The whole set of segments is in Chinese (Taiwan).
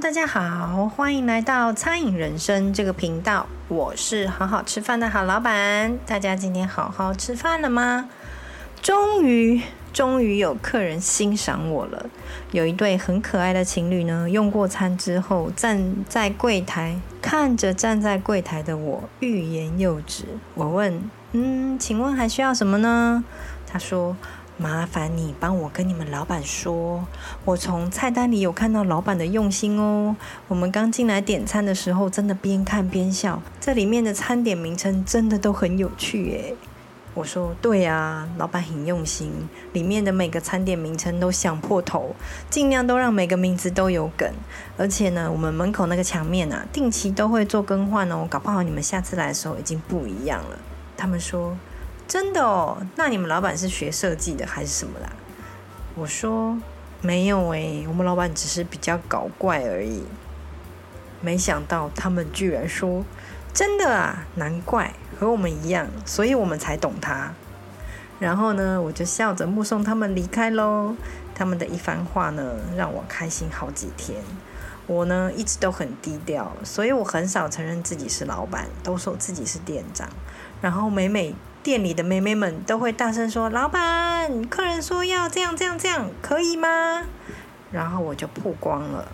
大家好，歡迎來到餐飲人生這個頻道，我是好好吃飯的好老闆。大家今天好好吃飯了嗎？終於，終於有客人欣賞我了。有一對很可愛的情侶呢，用過餐之後站在櫃檯，看着站在櫃檯的我，欲言又止。我問：“嗯，請問還需要什麼呢？”他說。麻煩你幫我跟你們老闆說，我從菜單裡有看到老闆的用心哦。我們剛進來點餐的時候，真的邊看邊笑，這裡面的餐點名稱真的都很有趣耶。我說對啊，老闆很用心，裡面的每個餐點名稱都想破頭，儘量都讓每個名字都有梗。而且呢，我們門口那個牆面啊，定期都會做更換哦，搞不好你們下次來的時候已經不一樣了。他們說。真的哦，那你們老板是學設計的還是什麼啦？我說，沒有誒，我們老板只是比較搞怪而已。沒想到他們居然說真的啊，難怪和我們一樣，所以我們才懂他。然後呢，我就笑着目送他們離開嘍。他們的一番話呢，讓我開心好幾天。我呢，一直都很低調，所以我很少承認自己是老板，都說自己是店長。然後每每。店裡的妹妹們都會大聲說：“老闆，客人說要這樣這樣這樣，可以嗎？”然後我就曝光了。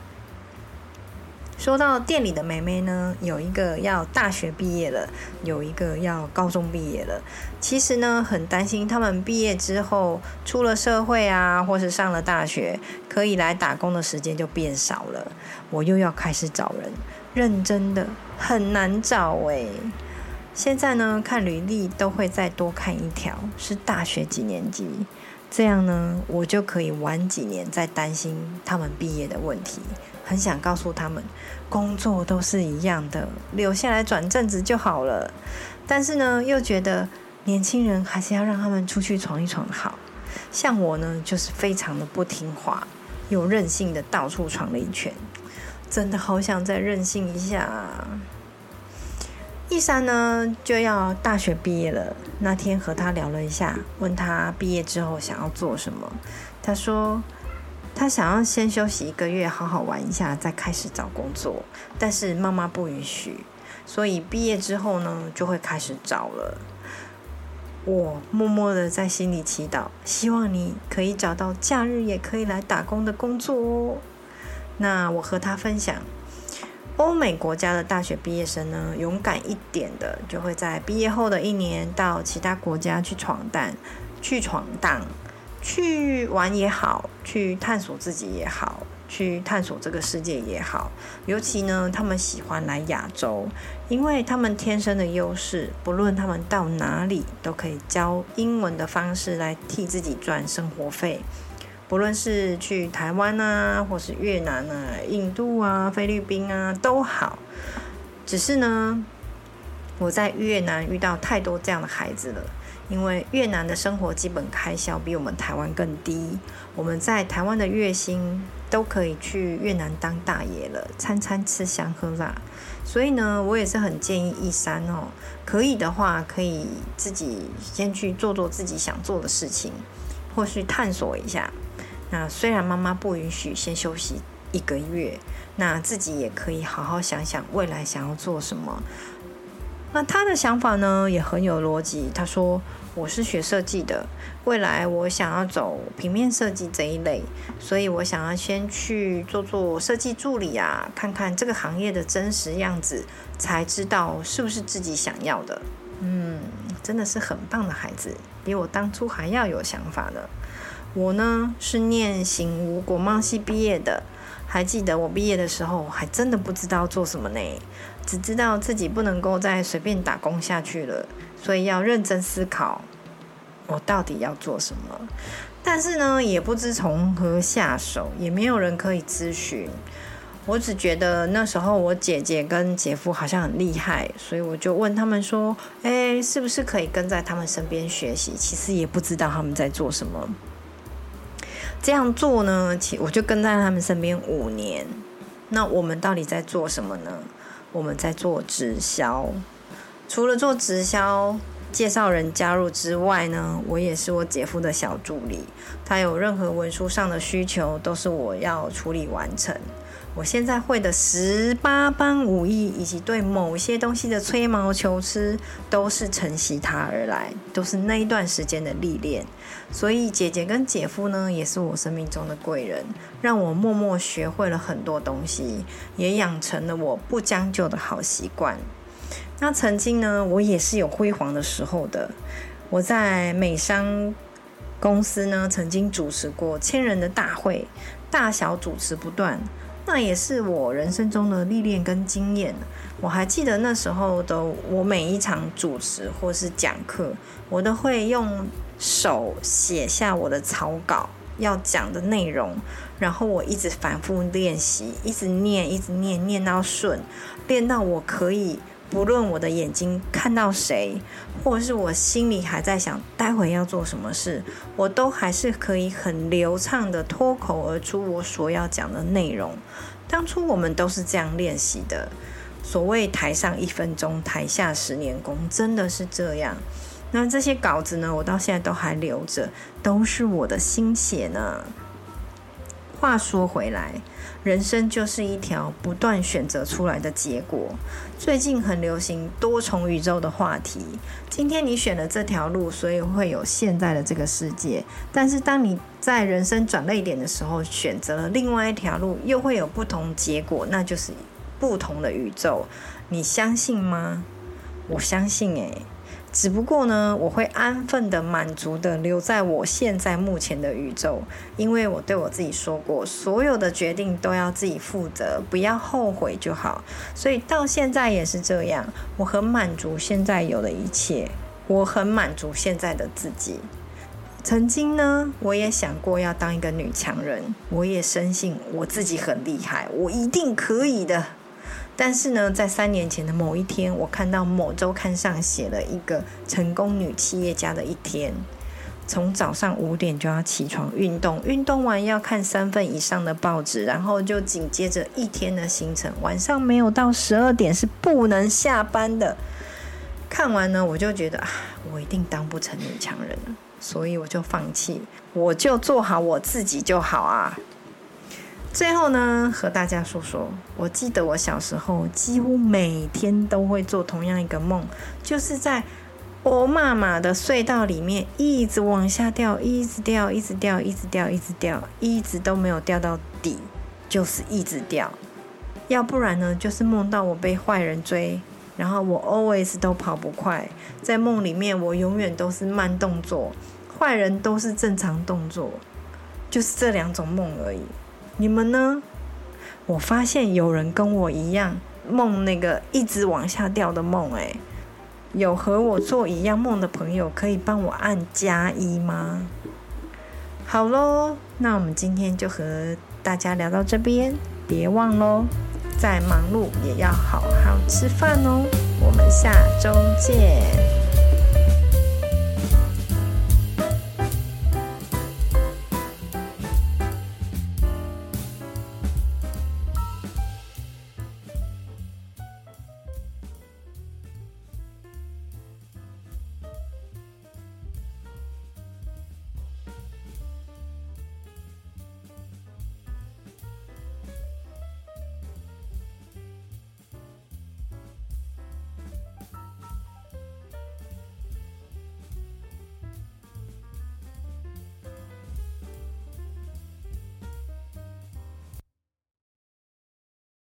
說到店裡的妹妹呢，有一個要大學畢業了，有一個要高中畢業了。其實呢，很擔心他們畢業之後，出了社會啊，或是上了大學，可以來打工的時間就變少了。我又要開始找人，認真的很難找哎、欸。現在呢，看履歷都會再多看一條，是大學幾年級，這樣呢，我就可以晚幾年再擔心他們畢業的問題。很想告訴他們，工作都是一樣的，留下來轉正職就好了。但是呢，又覺得年輕人還是要讓他們出去闖一闖好，好像我呢，就是非常的不聽話，又任性的到處闖了一圈，真的好想再任性一下。一三呢就要大學畢業了，那天和他聊了一下，問他畢業之後想要做什麼，他說他想要先休息一個月，好好玩一下，再開始找工作。但是媽媽不允許，所以畢業之後呢，就會開始找了。我默默的在心裡祈禱，希望你可以找到假日也可以來打工的工作哦。那我和他分享。歐美國家的大學畢業生呢，勇敢一點的，就會在畢業後的一年到其他國家去闖蕩、去闖蕩、去玩也好，去探索自己也好，去探索這個世界也好。尤其呢，他們喜歡來亞洲，因為他們天生的優勢，不論他們到哪裡，都可以教英文的方式來替自己賺生活費。不論是去台灣啊，或是越南啊、印度啊、菲律賓啊，都好。只是呢，我在越南遇到太多這樣的孩子了，因為越南的生活基本開銷比我們台灣更低。我們在台灣的月薪都可以去越南當大爺了，餐餐吃香喝辣。所以呢，我也是很建議一山哦，可以的話，可以自己先去做做自己想做的事情。或是探索一下。那雖然媽媽不允許先休息一個月，那自己也可以好好想想未來想要做什麼。那他的想法呢也很有邏輯。他說：“我是學設計的，未來我想要走平面設計這一類，所以我想要先去做做設計助理啊，看看這個行業的真實樣子，才知道是不是自己想要的。”嗯。真的是很棒的孩子，比我當初還要有想法呢。我呢是念行無國貿系畢業的，還記得我畢業的時候，還真的不知道做什麼呢，只知道自己不能夠再隨便打工下去了，所以要認真思考我到底要做什麼。但是呢，也不知從何下手，也沒有人可以諮詢。我只覺得那時候我姐姐跟姐夫好像很厲害，所以我就問他們說：“哎、欸，是不是可以跟在他們身邊學習？”其實也不知道他們在做什麼。這樣做呢，我就跟在他們身邊五年。那我們到底在做什麼呢？我們在做直銷，除了做直銷介紹人加入之外呢，我也是我姐夫的小助理。他有任何文書上的需求，都是我要處理完成。我現在會的十八般武藝，以及對某些東西的吹毛求疵，都是承襲他而來，都是那一段時間的歷練。所以姐姐跟姐夫呢，也是我生命中的貴人，讓我默默學會了很多東西，也養成了我不將就的好習慣。那曾經呢，我也是有輝煌的時候的。我在美商公司呢，曾經主持過千人的大會，大小主持不斷。那也是我人生中的歷練跟經驗。我還記得那時候的我，每一場主持或是講課，我都會用手寫下我的草稿要講的內容，然後我一直反復練習，一直念，一直念，念到順，練到我可以。不論我的眼睛看到誰，或是我心裡還在想待會要做什麼事，我都還是可以很流暢的脫口而出我所要講的內容。當初我們都是這樣練習的，所謂台上一分鐘，台下十年功，真的是這樣。那這些稿子呢，我到現在都還留着，都是我的心血呢。話說回來，人生就是一條不斷選擇出來的結果。最近很流行多重宇宙的話題。今天你選了這條路，所以會有現在的這個世界。但是當你在人生轉捩點的時候，選擇了另外一條路，又會有不同結果，那就是不同的宇宙。你相信嗎？我相信誒、欸。只不過呢，我會安分的、滿足的留在我現在目前的宇宙，因為我對我自己說過，所有的決定都要自己負責，不要後悔就好。所以到現在也是這樣，我很滿足現在有的一切，我很滿足現在的自己。曾經呢，我也想過要當一個女強人，我也深信我自己很厲害，我一定可以的。但是呢，在三年前的某一天，我看到某週刊上寫了一個成功女企業家的一天，從早上五點就要起床運動，運動完要看三份以上的報紙，然後就緊接着一天的行程，晚上沒有到十二點是不能下班的。看完呢，我就覺得啊，我一定當不成女強人了，所以我就放棄，我就做好我自己就好啊。最後呢，和大家說說，我記得我小時候幾乎每天都會做同樣一個夢，就是在我媽媽的隧道裡面一直往下掉，一直掉，一直掉，一直掉，一直掉，一直都沒有掉到底，就是一直掉。要不然呢，就是夢到我被壞人追，然後我 always 都跑不快，在夢裡面我永遠都是慢動作，壞人都是正常動作，就是這兩種夢而已。你們呢？我發現有人跟我一樣夢那個一直往下掉的夢，欸，哎，有和我做一樣夢的朋友可以幫我按加一嗎？好嘍，那我們今天就和大家聊到這邊，別忘嘍，再忙碌也要好好吃飯哦。我們下周見。